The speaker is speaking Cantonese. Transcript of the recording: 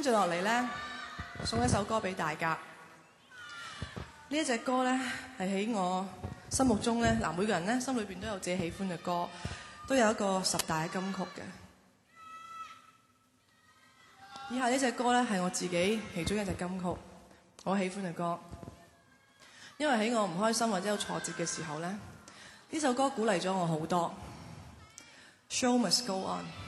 跟住落嚟咧，送一首歌俾大家。這一首呢一隻歌咧，係喺我心目中咧，嗱，每個人咧心裏邊都有自己喜歡嘅歌，都有一個十大嘅金曲嘅。以下這首呢隻歌咧，係我自己其中一隻金曲，我喜歡嘅歌。因為喺我唔開心或者有挫折嘅時候咧，呢首歌鼓勵咗我好多。Show must go on。